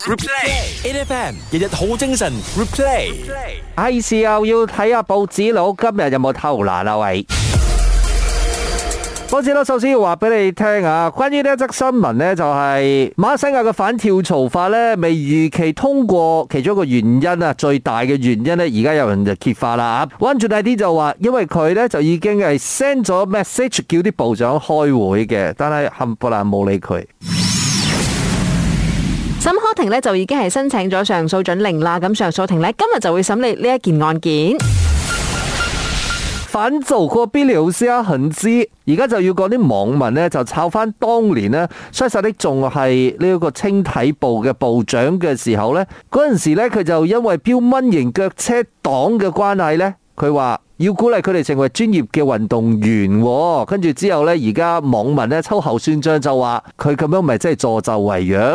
Replay，A F M 日日好精神。Replay，係時候要睇下報紙佬今日有冇偷懶啦、啊、喂，報紙佬首先要話俾你聽啊，關於呢一則新聞呢、就是，就係馬來西亞嘅反跳槽法呢，未如期通過，其中一個原因啊，最大嘅原因呢，而家有人就揭發啦啊。溫住大啲就話，因為佢呢，就已經係 send 咗 message 叫啲部長開會嘅，但係冚唪唥冇理佢。沈可婷咧，就已經係申請咗上訴准令啦。咁上訴庭咧，今日就會審理呢一件案件。反造個 Billions 啊，恒之，而家就要講啲網民咧，就抄翻，當年咧，賽沙迪仲係呢一個青體部嘅部長嘅時候，咧，嗰陣時咧佢就因為標蚊型腳車黨嘅關係咧，佢話要鼓勵佢哋成為專業嘅運動員。跟住之後咧，而家網民咧秋後算賬就話佢咁樣咪真係助紂為虐？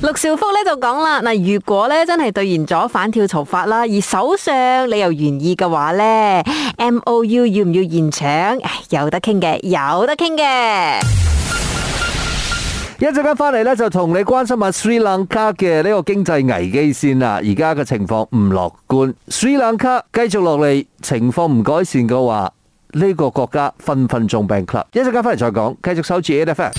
陸兆福咧就講啦，嗱，如果咧真係兌完咗反跳槽法啦，而首相你又願意嘅話咧，M O U 要唔要延長？有得傾嘅，有得傾嘅。一陣間翻嚟，咧就同你關心下 Sri Lanka 嘅呢個經濟危機先啦，而家嘅情況唔樂觀。Sri Lanka 繼續落嚟，情況唔改善嘅話，呢、這個國家分分鐘病。club。一陣間翻嚟再講，繼續收住 A Def。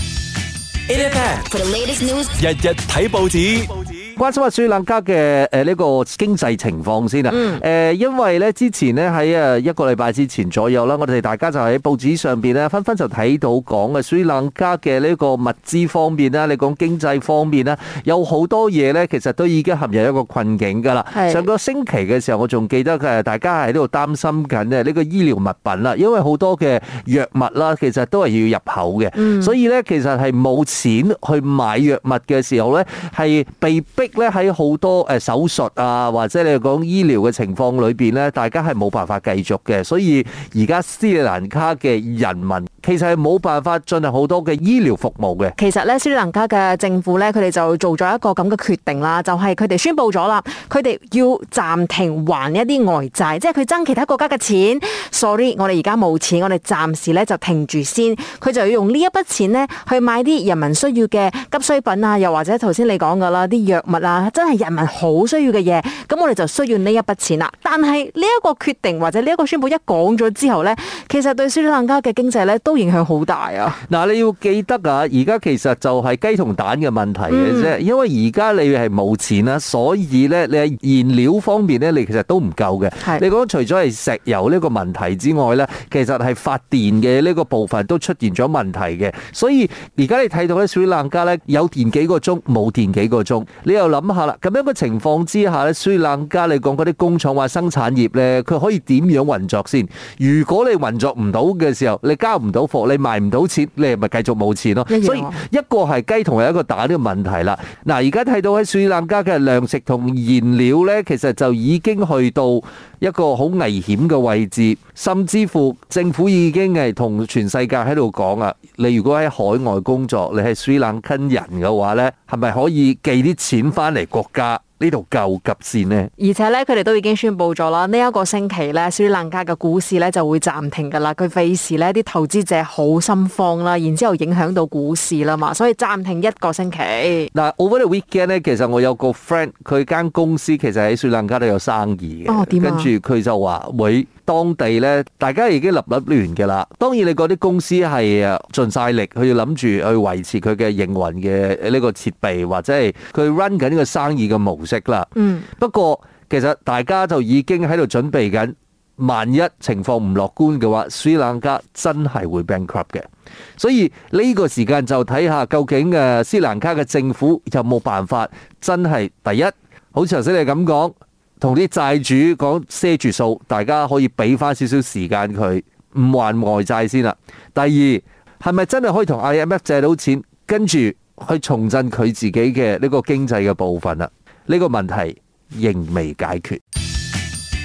Japan，日日睇報紙。關心下水冷家嘅誒呢個經濟情況先啦，誒，因為呢之前呢喺一個禮拜之前左右啦，我哋大家就喺報紙上邊，咧，紛紛就睇到講嘅水冷家嘅呢個物資方面啦，你講經濟方面啦，有好多嘢呢其實都已經陷入一個困境噶啦。是上個星期嘅時候，我仲記得大家喺呢度擔心緊呢個醫療物品啦，因為好多嘅藥物啦，其實都係要入口嘅，所以呢，其實係冇錢去買藥物嘅時候呢，係被逼。喺好多誒手術啊，或者你講醫療嘅情況裏邊呢，大家係冇辦法繼續嘅，所以而家斯里蘭卡嘅人民其實係冇辦法進行好多嘅醫療服務嘅。其實呢，斯里蘭卡嘅政府呢，佢哋就做咗一個咁嘅決定啦，就係佢哋宣布咗啦，佢哋要暫停還一啲外債，即係佢爭其他國家嘅錢。Sorry，我哋而家冇錢，我哋暫時呢就停住先。佢就要用呢一筆錢呢，去買啲人民需要嘅急需品啊，又或者頭先你講噶啦啲藥物。嗱，真係人民好需要嘅嘢，咁我哋就需要呢一筆錢啦。但係呢一個決定或者呢一個宣佈一講咗之後呢，其實對斯里蘭卡嘅經濟呢都影響好大啊！嗱，你要記得啊，而家其實就係雞同蛋嘅問題嘅啫，嗯、因為而家你係冇錢啦，所以呢，你喺燃料方面呢，你其實都唔夠嘅。是你講除咗係石油呢個問題之外呢，其實係發電嘅呢個部分都出現咗問題嘅，所以而家你睇到呢斯里蘭卡呢，有電幾個鐘，冇電幾個鐘呢？又諗下啦，咁樣嘅情況之下咧，斯里蘭卡你講嗰啲工廠話生產業咧，佢可以點樣運作先？如果你運作唔到嘅時候，你交唔到貨，你賣唔到錢，你咪繼續冇錢咯。所以一個係雞同係一個蛋嘅問題啦。嗱，而家睇到喺斯里蘭卡嘅糧食同燃料咧，其實就已經去到一個好危險嘅位置，甚至乎政府已經係同全世界喺度講啊，你如果喺海外工作，你係斯里蘭卡人嘅話咧，係咪可以寄啲錢？翻嚟國家。呢度救急線呢？而且咧佢哋都已經宣布咗啦。呢、這、一個星期咧，雪蘭加嘅股市咧就會暫停噶啦。佢費事咧啲投資者好心慌啦，然之後影響到股市啦嘛，所以暫停一個星期。嗱，Over the weekend 咧，其實我有個 friend，佢間公司其實喺雪蘭加都有生意嘅。哦，點、啊？跟住佢就話喂，當地咧，大家已經立立亂㗎啦。當然你嗰啲公司係盡晒力佢要諗住去維持佢嘅營運嘅呢個設備或者係佢 run 緊呢個生意嘅模式。啦，嗯，不過其實大家就已經喺度準備緊，萬一情況唔樂觀嘅話，斯蘭卡真係會 bankrupt 嘅。所以呢個時間就睇下究竟誒斯蘭卡嘅政府有冇辦法真係第一，好似頭先你咁講，同啲債主講賒住數，大家可以俾翻少少時間佢唔還外債先啦。第二係咪真係可以同 IMF 借到錢，跟住去重振佢自己嘅呢個經濟嘅部分啦？呢個問題仍未解決。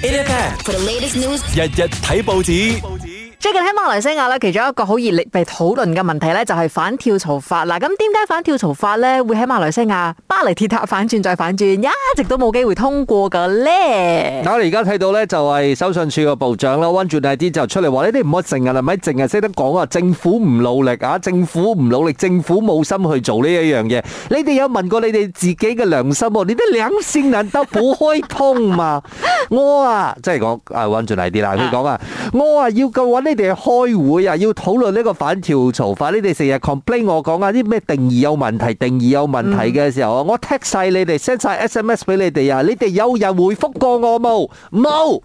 日日睇報紙。最近喺馬來西亞咧，其中一個好熱烈被討論嘅問題咧，就係反跳槽法。嗱，咁點解反跳槽法咧會喺馬來西亞巴黎鐵塔反轉再反轉，一直都冇機會通過嘅咧？嗱，我哋而家睇到咧就係收信處嘅部長啦，旺朱乃迪就出嚟話，你哋唔好成日係咪淨係識得講啊，政府唔努力啊，政府唔努力，政府冇心去做呢一樣嘢。你哋有問過你哋自己嘅良心？你啲兩線人都唔開通嘛？ 我啊，即係講啊，旺朱乃迪啦，佢講啊，我啊要個搵。你哋開會啊，要討論呢個反跳槽法。你哋成日 complain 我講啊，啲咩定義有問題，定義有問題嘅時候啊，嗯、我 text 晒你哋 send 晒 SMS 俾你哋啊，你哋有人回覆過我冇？冇。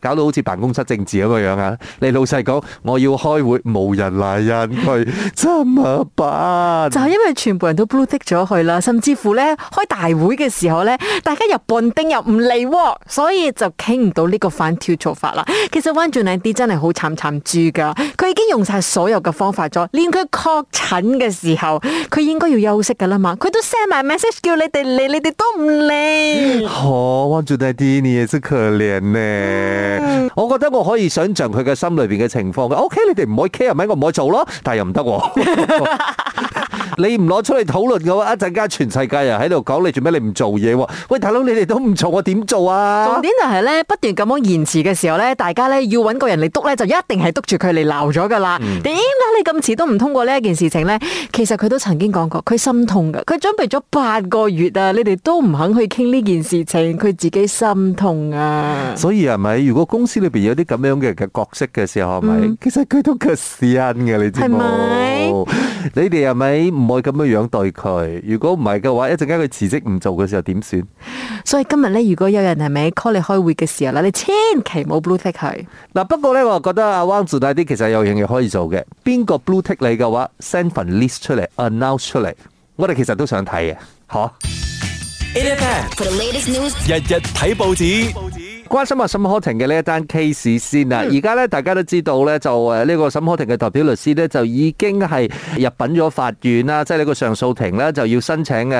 搞到好似辦公室政治咁嘅樣啊！你老細講我要開會，無人嚟人去，怎麼辦？就係因為全部人都 block 咗佢啦，甚至乎咧開大會嘅時候咧，大家又半丁又唔嚟，所以就傾唔到呢個反跳槽法啦。其實旺朱乃迪真係好慘慘豬噶，佢已經用晒所有嘅方法咗，連佢確診嘅時候，佢應該要休息噶啦嘛，佢都 send 埋 message 叫你哋嚟，你哋都唔嚟。哦、oh，旺朱乃迪你也真可憐呢。我覺得我可以想象佢嘅心裏邊嘅情況。OK，你哋唔可以 care，咪我唔可以做咯，但係又唔得。 你唔攞出嚟討論嘅話，一陣間全世界人喺度講你做咩？你唔做嘢喎！喂，大佬，你哋都唔做，我點做啊？重點就係咧，不斷咁樣延遲嘅時候咧，大家咧要揾個人嚟督咧，就一定係督住佢嚟鬧咗㗎啦。點解你咁遲都唔通過呢一件事情咧？其實佢都曾經講過，佢心痛㗎。佢準備咗八個月啊，你哋都唔肯去傾呢件事情，佢自己心痛啊。所以係咪？如果公司裏邊有啲咁樣嘅嘅角色嘅時候，係咪？其實佢都嘅時間嘅，你知冇？你哋係咪？唔可以咁樣樣對佢，如果唔係嘅話，一陣間佢辭職唔做嘅時候點算？所以今日咧，如果有人係咪 call 你開會嘅時候啦，你千祈唔好 blue tick 佢。嗱，不過咧，我啊覺得阿汪做大啲，其實有樣嘢可以做嘅。邊個 blue tick 你嘅話，send 份 list 出嚟，announce 出嚟，我哋其實都想睇嘅，吓。Pan, news, 日日睇報紙。報紙關心阿沈可婷嘅呢一單 case 先啦，而家咧大家都知道咧就誒呢個沈可婷嘅代表律師咧就已經係入稟咗法院啦，即係呢個上訴庭咧就要申請嘅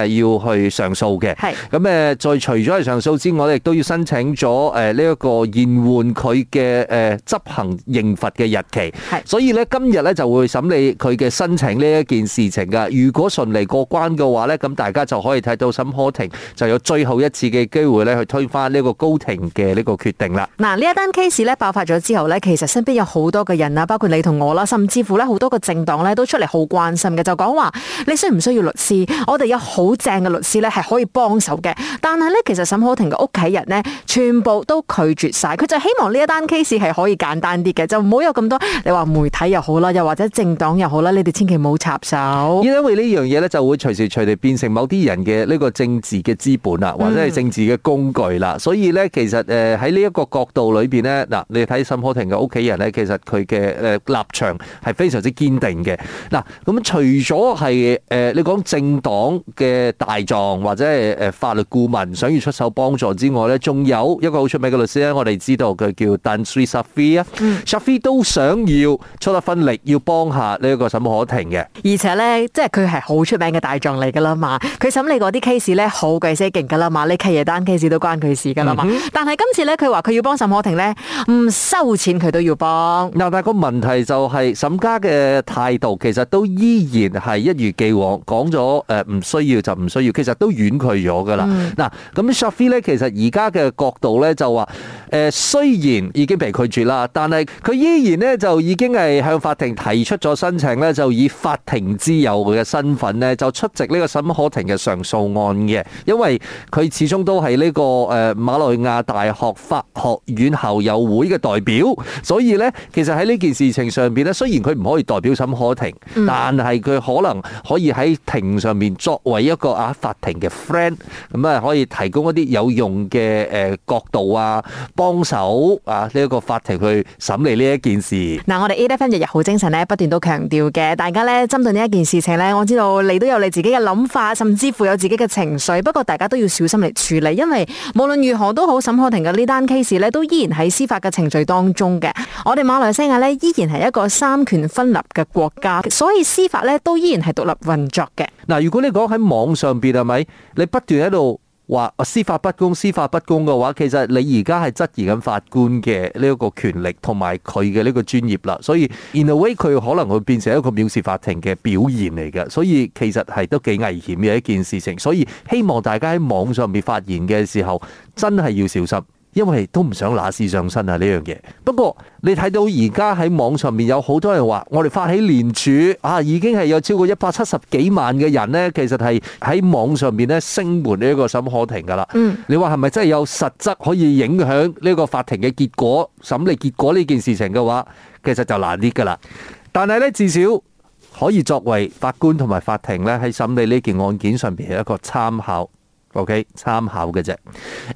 要去上訴嘅。係咁誒，再除咗係上訴之外，亦都要申請咗誒呢一個延緩佢嘅誒執行刑罰嘅日期。係，所以咧今日咧就會審理佢嘅申請呢一件事情㗎。如果順利過關嘅話咧，咁大家就可以睇到沈可婷就有最後一次嘅機會咧去推翻呢個高庭嘅。呢個決定啦。嗱，呢一單 case 咧爆發咗之後咧，其實身邊有好多嘅人啊，包括你同我啦，甚至乎咧好多個政黨咧都出嚟好關心嘅，就講話你需唔需要律師？我哋有好正嘅律師咧係可以幫手嘅。但係咧，其實沈可婷嘅屋企人呢，全部都拒絕晒。佢就希望呢一單 case 係可以簡單啲嘅，就唔好有咁多你話媒體又好啦，又或者政黨又好啦，你哋千祈唔好插手。因為呢樣嘢咧就會隨時隨地變成某啲人嘅呢個政治嘅資本啦，或者係政治嘅工具啦。嗯、所以咧，其實喺呢一個角度裏邊咧，嗱你睇沈可婷嘅屋企人咧，其實佢嘅誒立場係非常之堅定嘅。嗱，咁除咗係誒你講政黨嘅大狀或者係誒法律顧問想要出手幫助之外咧，仲有一個好出名嘅律師咧，我哋知道佢叫 Denis Shafi 啊、嗯。Shafi 都想要出一份力，要幫下呢一個沈可婷嘅。而且咧，即係佢係好出名嘅大狀嚟噶啦嘛，佢審理嗰啲 case 咧好鬼死勁噶啦嘛，呢契嘢單 case 都關佢事噶啦嘛。嗯哼，但係今次咧佢話佢要幫沈可婷咧，唔收錢佢都要幫。嗱，但係個問題就係沈家嘅態度，其實都依然係一如既往，講咗誒唔需要就唔需要，其實都婉拒咗噶啦。嗱、嗯啊，咁 Shafee 咧，其實而家嘅角度咧就話，誒、呃、雖然已經被拒絕啦，但係佢依然咧就已經係向法庭提出咗申請咧，就以法庭之友嘅身份咧就出席呢個沈可婷嘅上訴案嘅，因為佢始終都係呢、這個誒、呃、馬來亞大學。學法學院校友會嘅代表，所以咧，其實喺呢件事情上邊咧，雖然佢唔可以代表沈可婷，但係佢可能可以喺庭上面作為一個啊法庭嘅 friend，咁啊可以提供一啲有用嘅誒角度啊，幫手啊呢一個法庭去審理呢一件事。嗱，我哋 A.F.N. 日日好精神咧，不斷都強調嘅，大家咧針對呢一件事情咧，我知道你都有你自己嘅諗法，甚至乎有自己嘅情緒，不過大家都要小心嚟處理，因為無論如何都好，沈可婷嘅。呢單 case 咧都依然喺司法嘅程序當中嘅。我哋馬來西亞咧依然係一個三權分立嘅國家，所以司法咧都依然係獨立運作嘅。嗱，如果你講喺網上邊係咪？你不斷喺度話司法不公、司法不公嘅話，其實你而家係質疑緊法官嘅呢一個權力同埋佢嘅呢個專業啦。所以 in a way 佢可能會變成一個藐視法庭嘅表現嚟嘅。所以其實係都幾危險嘅一件事情。所以希望大家喺網上面發言嘅時候，真係要小心。因為都唔想拿事上身啊，呢樣嘢。不過你睇到而家喺網上面有好多人話，我哋發起聯署啊，已經係有超過一百七十幾萬嘅人呢，其實係喺網上面咧聲援呢一個沈可婷噶啦。嗯，你話係咪真係有實質可以影響呢個法庭嘅結果、審理結果呢件事情嘅話，其實就難啲噶啦。但係呢，至少可以作為法官同埋法庭呢，喺審理呢件案件上邊係一個參考。OK，參考嘅啫。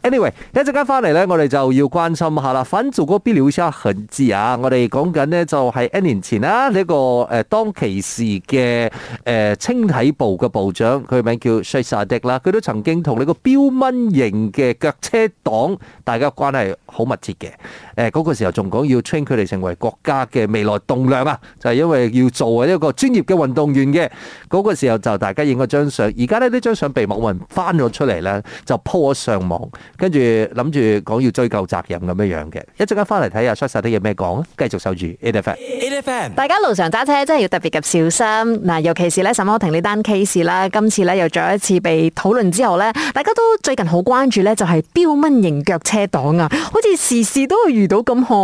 Anyway，一陣間翻嚟咧，我哋就要關心下啦。反做嗰邊聊車痕字啊！我哋講緊呢，就係一年前啦，呢、這個誒當其時嘅誒、呃、青體部嘅部長，佢名叫 Syed Saddiq 啦，佢都曾經同呢個標蚊型嘅腳車黨大家關係好密切嘅。誒、那、嗰個時候仲講要 train 佢哋成為國家嘅未來棟樑啊！就係、是、因為要做一個專業嘅運動員嘅嗰、那個時候，就大家影咗張相。而家呢呢張相被某人翻咗出。出嚟咧，就 po 咗上網，跟住諗住講要追究責任咁樣樣嘅。一陣間翻嚟睇下，出曬啲嘢咩講，繼續守住。a f a a f a 大家路上揸車真係要特別嘅小心。嗱，尤其是咧沈可婷呢單 case 啦，今次咧又再一次被討論之後咧，大家都最近好關注咧，就係飆蚊型腳車黨啊，好似時時都會遇到咁好，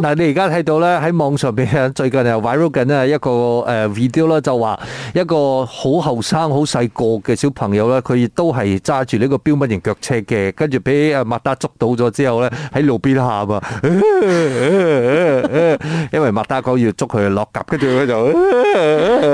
嗱，你而家睇到咧喺網上邊最近又 viral 緊啦一個誒 video 啦，就話一個好後生好細個嘅小朋友咧，佢亦都係揸。住呢個標乜型腳車嘅，跟住俾阿麥達捉到咗之後咧，喺路邊喊啊！ 因為麥達講要捉佢落夾，跟住佢就。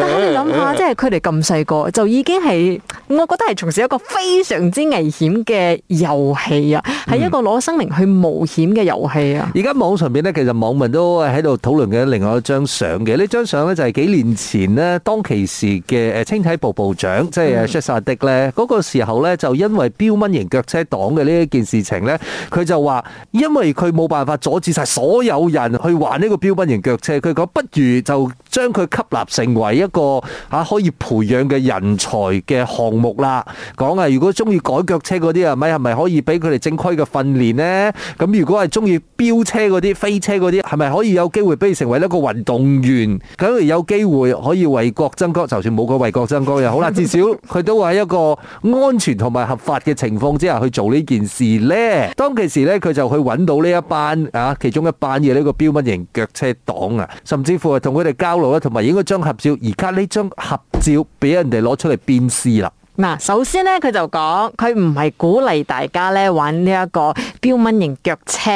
但係你諗下， 即係佢哋咁細個，就已經係我覺得係從事一個非常之危險嘅遊戲啊！係一個攞生命去冒險嘅遊戲啊！而家網上邊咧，其實網民都喺度討論緊另外一張相嘅，呢張相咧就係幾年前呢，當其時嘅誒青體部部長即係 Syed Saddiq 咧嗰個時候咧就。因為標蚊型腳車黨嘅呢一件事情呢佢就話，因為佢冇辦法阻止晒所有人去玩呢個標蚊型腳車，佢講不如就將佢吸納成為一個吓可以培養嘅人才嘅項目啦。講啊，如果中意改腳車嗰啲啊，咪係咪可以俾佢哋正規嘅訓練呢？咁如果係中意飆車嗰啲、飛車嗰啲，係咪可以有機會俾佢成為一個運動員？咁而有機會可以為國爭光，就算冇佢為國爭光又好啦， 至少佢都係一個安全同埋。合法嘅情況之下去做呢件事呢，當其時呢，佢就去揾到呢一班啊其中一班嘅呢個標乜型腳車黨啊，甚至乎係同佢哋交流啦，同埋應該將合照，而家呢張合照俾人哋攞出嚟鞭屍啦。嗱，首先咧，佢就講，佢唔係鼓勵大家咧玩呢一個標蚊型腳車，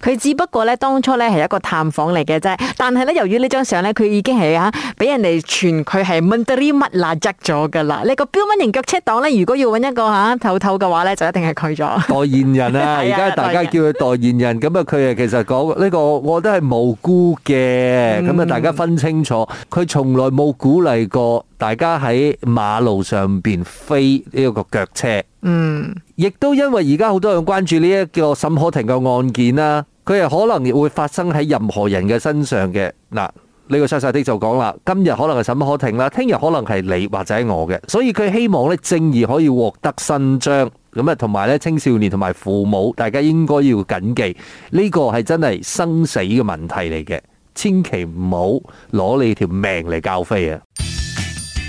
佢只不過咧當初咧係一個探訪嚟嘅啫。但係咧，由於呢張相咧，佢已經係嚇俾人哋傳佢係 Mandarina 砸咗㗎啦。你、呢個標蚊型腳車黨咧，如果要揾一個嚇偷偷嘅話咧，就一定係佢咗代言人啊！而家大家叫佢代言人，咁啊，佢啊其實講呢個我都係無辜嘅，咁啊、嗯、大家分清楚，佢從來冇鼓勵過。大家喺馬路上邊飛呢一個腳車，嗯，亦都因為而家好多人關注呢一個沈可婷嘅案件啦，佢係可能會發生喺任何人嘅身上嘅。嗱，呢、這個細細的就講啦，今日可能係沈可婷啦，聽日可能係你或者我嘅，所以佢希望咧正義可以獲得伸張，咁啊，同埋咧青少年同埋父母，大家應該要謹記呢、這個係真係生死嘅問題嚟嘅，千祈唔好攞你條命嚟交飛啊！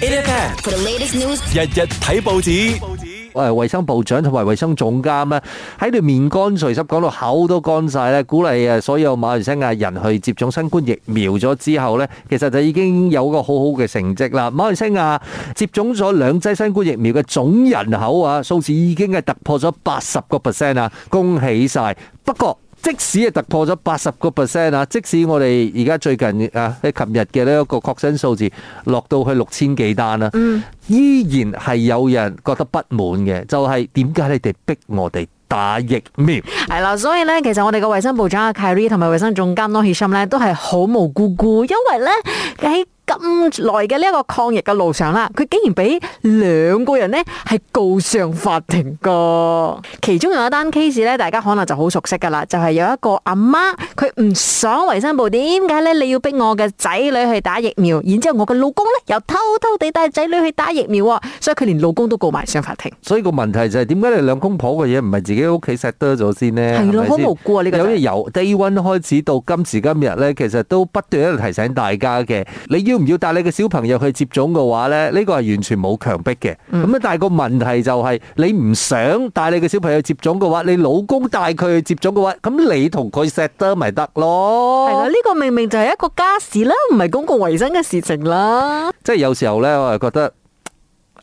日日睇報紙，喂，衛生部長同埋衛生總監咧，喺度面乾隨濕講到口都乾晒咧，鼓勵啊所有馬來西亞人去接種新冠疫苗咗之後咧，其實就已經有個好好嘅成績啦。馬來西亞接種咗兩劑新冠疫苗嘅總人口啊，數字已經係突破咗八十個 percent 啊，恭喜晒！不過，即使啊突破咗八十個 percent 啊，即使我哋而家最近啊喺琴日嘅咧一個確診數字落到去六千幾單啦，依然係有人覺得不滿嘅，就係點解你哋逼我哋打疫苗？係啦，所以咧其實我哋嘅衞生部長啊 Khairy 同埋衞生總監 Noor Hisham 咧都係好無辜辜，因為咧喺，咁耐嘅呢一個抗疫嘅路上啦，佢竟然俾兩個人呢係告上法庭㗎。其中有一單 case 咧，大家可能就好熟悉噶啦，就係、是、有一個阿媽，媽，佢唔想衛生部點解咧？你要逼我嘅仔女去打疫苗，然之後我嘅老公咧又偷偷地帶仔女去打疫苗，所以佢連老公都告埋上法庭。所以個問題就係點解你兩公婆嘅嘢唔係自己屋企 settle 咗先呢？係咯的，好無辜啊呢、這個、就是。有咩由 day one 開始到今時今日咧，其實都不斷喺度提醒大家嘅，你要。唔要帶你個小朋友去接種嘅話咧，呢個係完全冇強迫嘅。咁啊、嗯，但係個問題就係、是、你唔想帶你嘅小朋友去接種嘅話，你老公帶佢去接種嘅話，咁你同佢 s 得咪得咯？係啦，呢個明明就係一個家事啦，唔係公共衛生嘅事情啦。即係有時候呢，我係覺得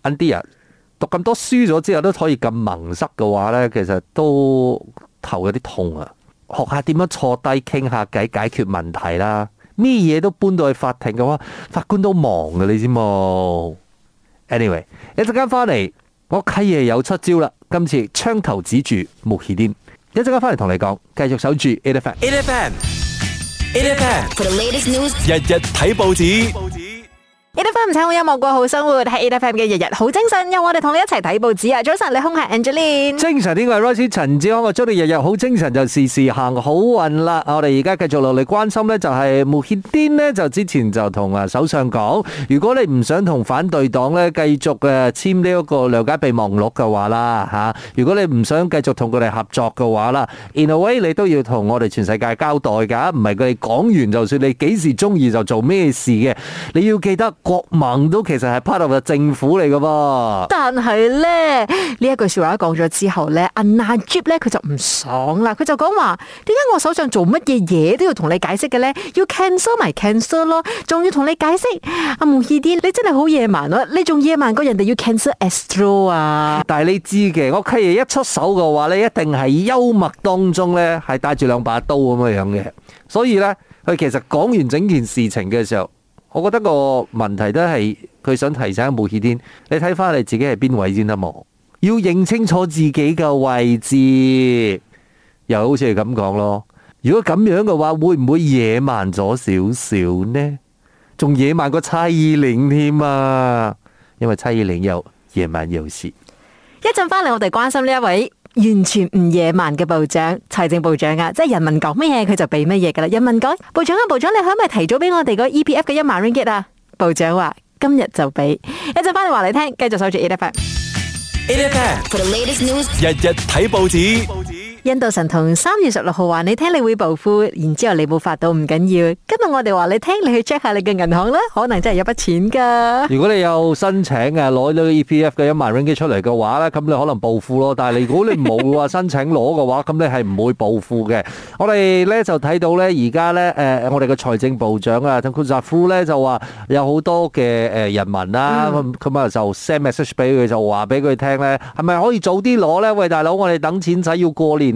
啲人 讀咁多書咗之後都可以咁盟塞嘅話呢，其實都頭有啲痛啊，學下點樣坐低傾下偈，解決問題啦。咩嘢都搬到去法庭嘅話，法官都忙嘅啊，你知冇？Anyway，一陣間翻嚟，我契爺有出招啦，今次槍頭指住，莫氣癲。一陣間翻嚟同你講，繼續守住 In ATV，ATV，ATV，f a f It a f, It a f For the latest news, 日日睇報紙。日日 E.T.F. 唔請我音樂過好生活，係 E.T.F. 嘅日日好精神，由我哋同你一齊睇報紙啊！早晨，李空係 Angelina，精神呢個 Rising 陳志安，祝你日日好精神，就事事行好運啦！我哋而家繼續落嚟關心咧，就係慕尤丁咧，就之前就同啊首相講，如果你唔想同反對黨咧繼續誒簽呢一個諒解備忘錄嘅話啦吓，如果你唔想繼續同佢哋合作嘅話啦，in a way 你都要同我哋全世界交代噶，唔係佢哋講完就算，你幾時中意就做咩事嘅，你要記得。國盟都其實係 part of 個政府嚟嘅噃，但係咧呢一句説話講咗之後咧阿、啊、Najib 咧佢就唔爽啦，佢就講話點解我手上做乜嘢嘢都要同你解釋嘅咧？要 cancel 埋 cancel 咯，仲要同你解釋，阿蒙希迪，你真係好野蠻咯，你仲野蠻過人哋要 cancel Astro 啊！但係你知嘅，我契爺一出手嘅話咧，你一定係幽默當中咧，係帶住兩把刀咁樣嘅，所以咧佢其實講完整件事情嘅時候。我覺得個問題都係佢想提醒穆啟天，你睇翻你自己係邊位先得冇？要認清楚自己嘅位置，又好似係咁講咯。如果咁樣嘅話，會唔會野蠻咗少少呢？仲野蠻過妻嶺添啊！因為妻嶺又夜晚又蝕。一陣翻嚟，我哋關心呢一位。完全唔野蠻嘅部長，財政部長啊，即係人民講乜嘢佢就俾乜嘢噶啦。人民講，部長啊，部長，你可唔可以提早俾我哋個 EPF 嘅一萬 ringgit 啊？部長話：今日就俾。一陣翻嚟，話你聽，繼續守住 EPF。EPF，for the latest news 日日睇報紙。報紙印度神童三月十六號話你聽，你會暴富，然之後你冇發到唔緊要。今日我哋話你聽，你去 check 下你嘅銀行啦，可能真係有筆錢噶。如果你有申請啊，攞咗 E P F 嘅一萬 ringgit 出嚟嘅話咧，咁你可能暴富咯。但係你如果你冇話申請攞嘅話，咁你係唔會暴富嘅。我哋咧就睇到咧，而家咧誒，我哋嘅財政部長啊，特庫沙夫咧就話有好多嘅誒人民啦，咁啊就 send message 俾佢，就話俾佢聽咧，係咪可以早啲攞咧？喂，大佬，我哋等錢使要過年。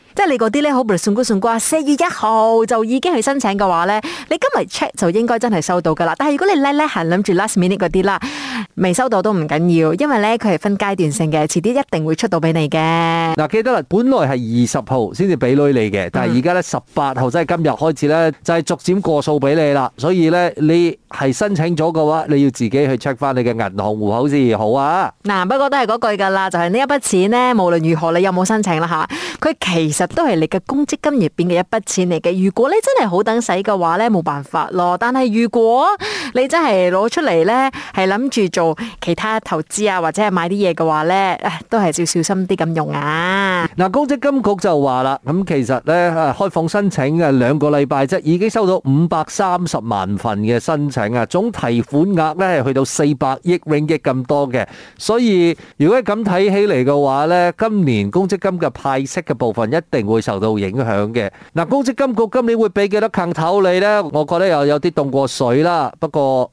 即係你嗰啲咧，好譬如算估算估，四月一號就已經去申請嘅話咧，你今日 check 就應該真係收到噶啦。但係如果你咧咧係諗住 last minute 嗰啲啦。未收到都唔緊要，因為咧佢係分階段性嘅，遲啲一定會出到俾你嘅。嗱，記得啦，本來係二十號先至俾女你嘅，但係而家咧十八號、嗯、即係今日開始咧就係、是、逐漸過數俾你啦。所以咧你係申請咗嘅話，你要自己去 check 翻你嘅銀行戶口先好啊。嗱、嗯，不過都係嗰句噶啦，就係、是、呢一筆錢咧，無論如何你有冇申請啦吓，佢其實都係你嘅公積金入邊嘅一筆錢嚟嘅。如果你真係好等使嘅話咧，冇辦法咯。但係如果你真係攞出嚟咧，係諗住做做其他投資啊，或者係買啲嘢嘅話咧，都係要小心啲咁用啊。嗱，公積金局就話啦，咁其實咧開放申請嘅兩個禮拜啫，已經收到五百三十萬份嘅申請啊，總提款額咧係去到四百億令吉咁多嘅，所以如果咁睇起嚟嘅話咧，今年公積金嘅派息嘅部分一定會受到影響嘅。嗱，公積金局今年會俾幾多甜頭你咧？我覺得又有啲凍過水啦，不過。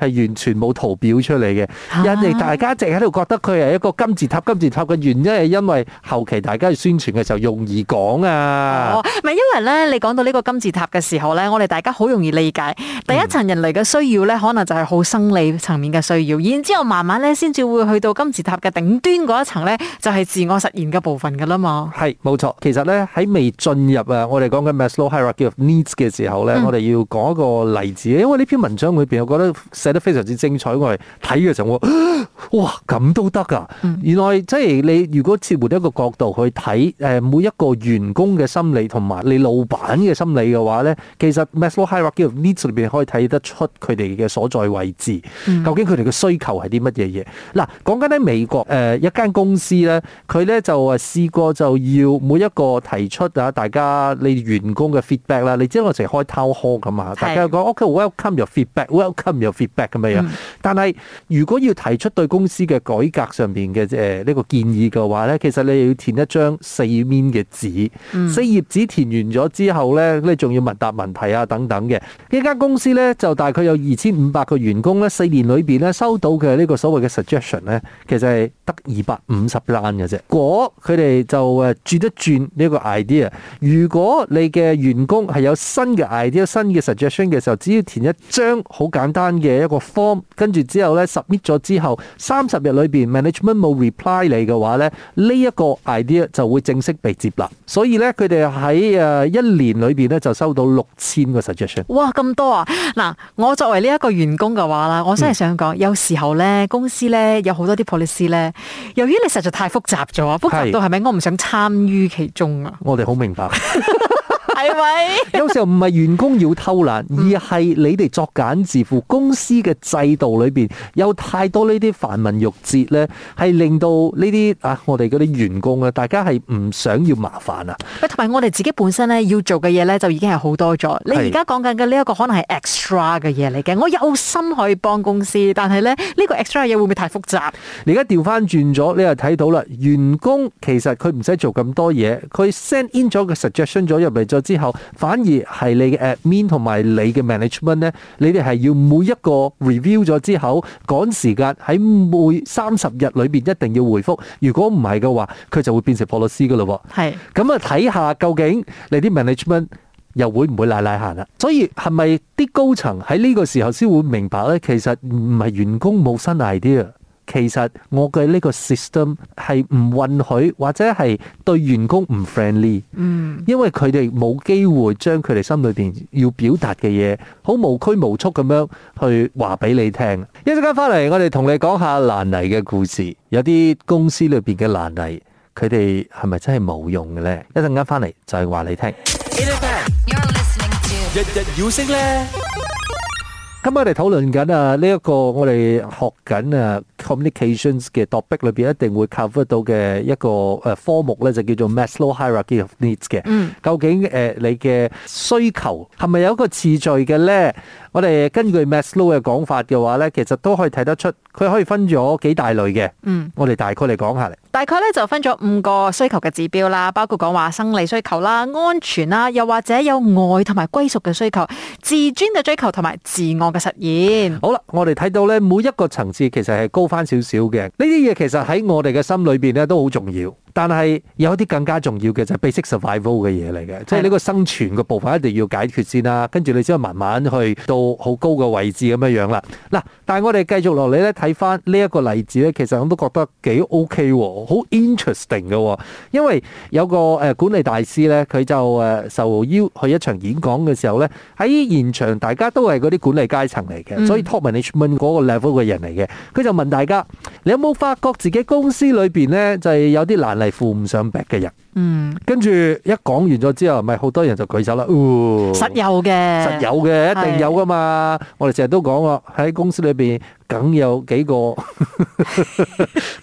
係完全冇圖表出嚟嘅，人哋大家淨喺度覺得佢係一個金字塔，金字塔嘅原因係因為後期大家去宣傳嘅時候容易講啊。唔係、哦、因為咧，你講到呢個金字塔嘅時候咧，我哋大家好容易理解第一層人類嘅需要咧，可能就係好生理層面嘅需要，嗯、然之後慢慢咧先至會去到金字塔嘅頂端嗰一層咧，就係自我實現嘅部分㗎啦嘛。係冇錯，其實咧喺未進入啊，我哋講緊 Maslow hierarchy of needs 嘅時候咧，嗯、我哋要講一個例子，因為呢篇文章裏邊，我覺得，寫得非常之精彩，我係睇嘅時候，我話哇咁都得噶！啊嗯、原來即係你如果切換一個角度去睇，每一個員工嘅心理同埋你老闆嘅心理嘅話咧，其實 Maslow hierarchy of needs 裏邊可以睇得出佢哋嘅所在位置，嗯、究竟佢哋嘅需求係啲乜嘢嘢。嗱，講緊喺美國一間公司咧，佢咧就試過就要每一個提出啊，大家你員工嘅 feedback 啦，你知我成日開 town hall 咁嘛，大家講是 OK，welcome、okay, your feedback，welcome your feedback。咁嘅樣，但係如果要提出對公司嘅改革上邊嘅即呢個建議嘅話咧，其實你要填一張四面嘅紙，四頁紙填完咗之後咧，你仲要問答問題啊等等嘅。呢間公司咧就大概有二千五百個員工咧，四年裏邊咧收到嘅呢個所謂嘅 suggestion 咧，其實係得二百五十欄嘅啫。果佢哋就誒轉一轉呢個 idea，如果你嘅員工係有新嘅 idea、新嘅 suggestion 嘅時候，只要填一張好簡單嘅，一個 form 跟住之後咧 submit 咗之後，三十日裏邊 management 冇 reply 你嘅話咧，呢、這、一個 idea 就會正式被接納。所以咧，佢哋喺誒一年裏邊咧就收到六千個 suggestion。哇，咁多啊！嗱，我作為呢一個員工嘅話啦，我真係想講，嗯、有時候咧公司咧有好多啲 policy 咧，由於你實在太複雜咗啊，複雜到係咪？我唔想參與其中啊！我哋好明白。 係咪 有時候唔係員工要偷懶，而係你哋作繭自縛？公司嘅制度裏邊有太多呢啲繁文縟節咧，係令到呢啲啊我哋啲員工啊，大家係唔想要麻煩啊！喂同埋我哋自己本身咧要做嘅嘢，咧就已經係好多咗。你而家講緊嘅呢一個可能係 extra 嘅嘢嚟嘅，我有心可以幫公司，但係咧呢個 extra 嘢會唔會太複雜？你而家調翻轉咗，你又睇到啦，員工其實佢唔使做咁多嘢，佢 send in 咗個 suggestion 咗入嚟，再之。後反而係你嘅 admin 同埋你嘅 management 咧，你哋係要每一個 review 咗之後，趕時間喺每三十日裏邊一定要回覆如果唔係嘅話，佢就會變成破羅斯噶咯。係咁啊，睇下究竟你啲 management 又會唔會奶奶行啦、啊？所以係咪啲高層喺呢個時候先會明白咧？其實唔係員工冇新 idea。其實我嘅呢個 system 係唔允許，或者係對員工唔 friendly，嗯，因為佢哋冇機會將佢哋心裏邊要表達嘅嘢，好無拘無束咁樣去話俾你聽。一陣間翻嚟，我哋同你講下爛泥嘅故事。有啲公司裏邊嘅爛泥，佢哋係咪真係冇用嘅呢？一陣間翻嚟就係話你聽。日日妖聲呢，今日我哋討論緊啊，呢一個我哋學緊啊。communications 嘅 topic 裏邊一定會 cover 到嘅一個誒科目咧，就叫做 Maslow hierarchy of needs 嘅。嗯。究竟誒你嘅需求係咪有一個次序嘅咧？我哋根據 Maslow 嘅講法嘅話咧，其實都可以睇得出，佢可以分咗幾大類嘅。嗯。我哋大概嚟講下嚟大概咧就分咗五個需求嘅指標啦，包括講話生理需求啦、安全啦，又或者有愛同埋歸屬嘅需求、自尊嘅追求同埋自我嘅實現。好啦，我哋睇到咧每一個層次其實係高翻少少嘅呢啲嘢，其實喺我哋嘅心裏邊咧，都好重要。但係有啲更加重要嘅就係 basic survival 嘅嘢嚟嘅，即係呢個生存嘅部分一定要解決先啦，啊。跟住你先慢慢去到好高嘅位置咁樣樣啦。嗱，但係我哋繼續落嚟咧，睇翻呢一個例子咧，其實我都覺得幾 OK，好 interesting 嘅。因為有個誒管理大師咧，佢就誒受邀去一場演講嘅時候咧，喺現場大家都係嗰啲管理階層嚟嘅，所以 top management 嗰 level 嘅人嚟嘅。佢就問大家：你有冇發覺自己公司裏邊咧，就係有啲難係富唔上百萬嘅人，嗯，跟住一講完咗之後，咪好多人就舉手啦。實有嘅，實有嘅，一定有噶嘛。我哋成日都講啊，喺公司裏邊梗有幾個，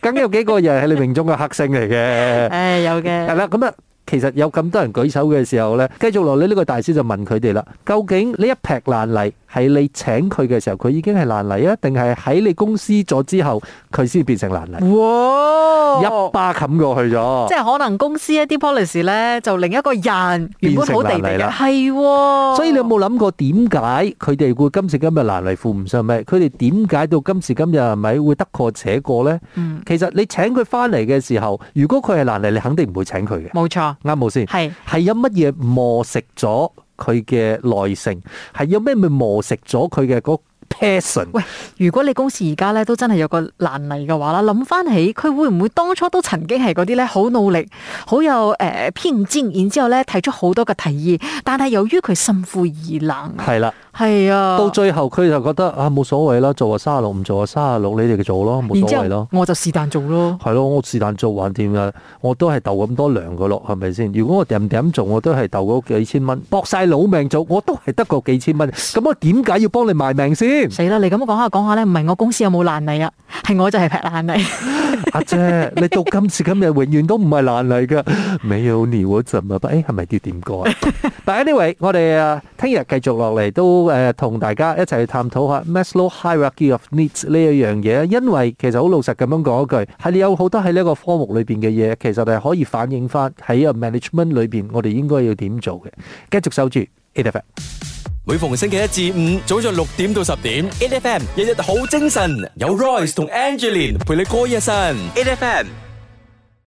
梗有幾個人係你命中嘅黑星嚟嘅。誒，有嘅。係啦，咁啊，其實有咁多人舉手嘅時候咧，繼續落嚟呢個大師就問佢哋啦，究竟呢一劈爛泥？係你請佢嘅時候，佢已經係難嚟啊？定係喺你公司咗之後，佢先變成難嚟？哇！一巴冚過去咗，即係可能公司一啲 policy 咧，就另一個人原本好地地嘅，係。哦、所以你有冇諗過點解佢哋會今時今日難嚟付唔上咩？佢哋點解到今時今日係咪會得過且過咧？嗯、其實你請佢翻嚟嘅時候，如果佢係難嚟，你肯定唔會請佢嘅。冇錯錯，啱冇先係係有乜嘢磨蝕咗？佢嘅耐性係有咩，咪磨蝕咗佢嘅嗰 passion？喂，如果你公司而家咧都真係有個難題嘅話啦，諗翻起佢會唔會當初都曾經係嗰啲咧好努力、好有誒、呃、偏見，然之後咧提出好多嘅提議，但係由於佢心灰意冷，係啦。係啊，到最後佢就覺得啊冇所謂啦，做啊卅六唔做啊卅六，你哋就做咯，冇所謂咯。然之後我就是但做咯，係咯，我是但做還掂嘅，我都係斗咁多糧嘅咯，係咪先？如果我點點做，我都係斗嗰幾千蚊，搏晒老命做，我都係得個幾千蚊。咁我點解要幫你賣命先？死啦！你咁講下講下咧，唔係我公司有冇爛你啊？係我就係劈爛你，阿姐，你到今次今日永遠都唔係爛你噶。沒有你我怎麼辦？誒，係咪要點過？But anyway，我哋啊，聽日繼續落嚟都。誒，同大家一齊去探討下 Maslow hierarchy of needs 呢一樣嘢，因為其實好老實咁樣講一句，係你有好多喺呢一個科目裏邊嘅嘢，其實係可以反映翻喺個 management 裏邊，我哋應該要點做嘅。繼續守住，A F M。每逢星期一至五，早上六點到十點，A F M 日日好精神，有 Royce 同 Angelina 陪你過一晨，A F M。